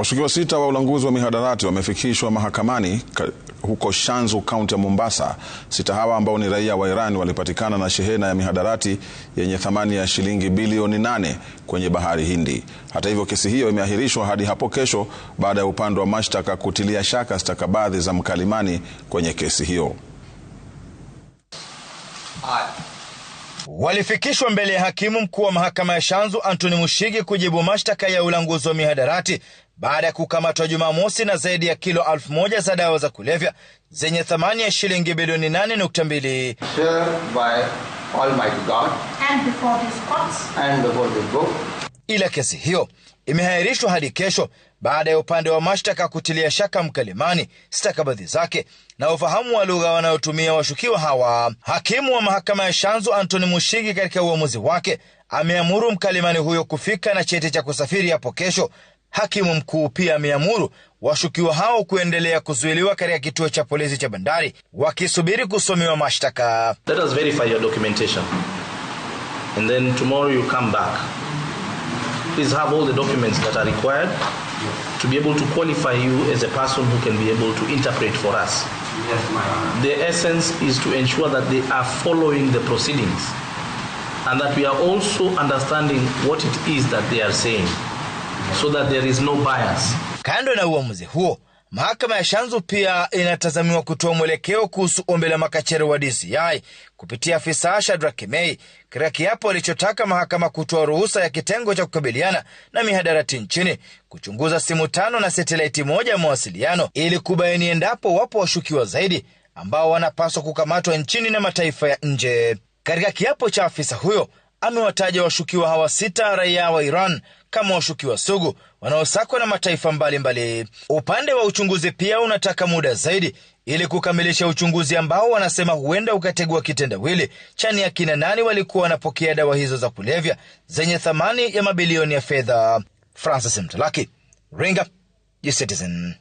Washukiwa sita wa ulanguzi wa mihadarati wamefikishwa mahakamani huko Shanzu, kaunti ya Mombasa. Sita hawa ambao ni raia wa Iran walipatikana na shehena ya mihadarati yenye thamani ya shilingi bilioni nane kwenye bahari Hindi. Hata hivyo, kesi hiyo imeahirishwa hadi hapo kesho baada ya upande wa mashtaka kutilia shaka stakabadhi za mkalimani kwenye kesi hiyo. Walifikishwa mbele ya hakimu mkuu wa mahakama ya Shanzu Anthony Mushigi kujibu mashtaka ya ulanguzi wa mihadarati baada ya kukamatwa Jumamosi na zaidi ya kilo elfu za dawa za kulevya zenye thamani ya shilingi bilioni 8.2. Ila kesi hiyo imehairishwa hadi kesho baada ya upande wa mashtaka kutilia shaka mkalimani, stakabadhi zake na ufahamu wa lugha wanayotumia washukiwa hawa. Hakimu wa mahakama ya Shanzu antoni Mushigi katika uamuzi wake ameamuru mkalimani huyo kufika na cheti cha kusafiri hapo kesho Hakimu mkuu pia ameamuru washukiwa hao kuendelea kuzuiliwa katika kituo cha polisi cha bandari wakisubiri kusomewa mashtaka. Let us verify your documentation and then tomorrow you come back. Please have all the documents that are required to be able to qualify you as a person who can be able to interpret for us. The essence is to ensure that they are following the proceedings and that we are also understanding what it is that they are saying so that there is no bias. Kando na uamuzi huo, mahakama ya Shanzu pia inatazamiwa kutoa mwelekeo kuhusu ombi la makachero wa DCI kupitia afisa Shadrack Mei katika kiapo alichotaka mahakama kutoa ruhusa ya kitengo cha kukabiliana na mihadarati nchini kuchunguza simu tano na satelaiti moja ya mawasiliano ili kubaini endapo wapo washukiwa zaidi ambao wanapaswa kukamatwa nchini na mataifa ya nje. Katika kiapo cha afisa huyo amewataja washukiwa hawa sita raia wa Iran kama washukiwa sugu wanaosakwa na mataifa mbalimbali mbali. Upande wa uchunguzi pia unataka muda zaidi ili kukamilisha uchunguzi ambao wanasema huenda ukategua kitendawili chani ya kina nani walikuwa wanapokea dawa hizo za kulevya zenye thamani ya mabilioni ya fedha. Francis Mtalaki, Ringa, Citizen.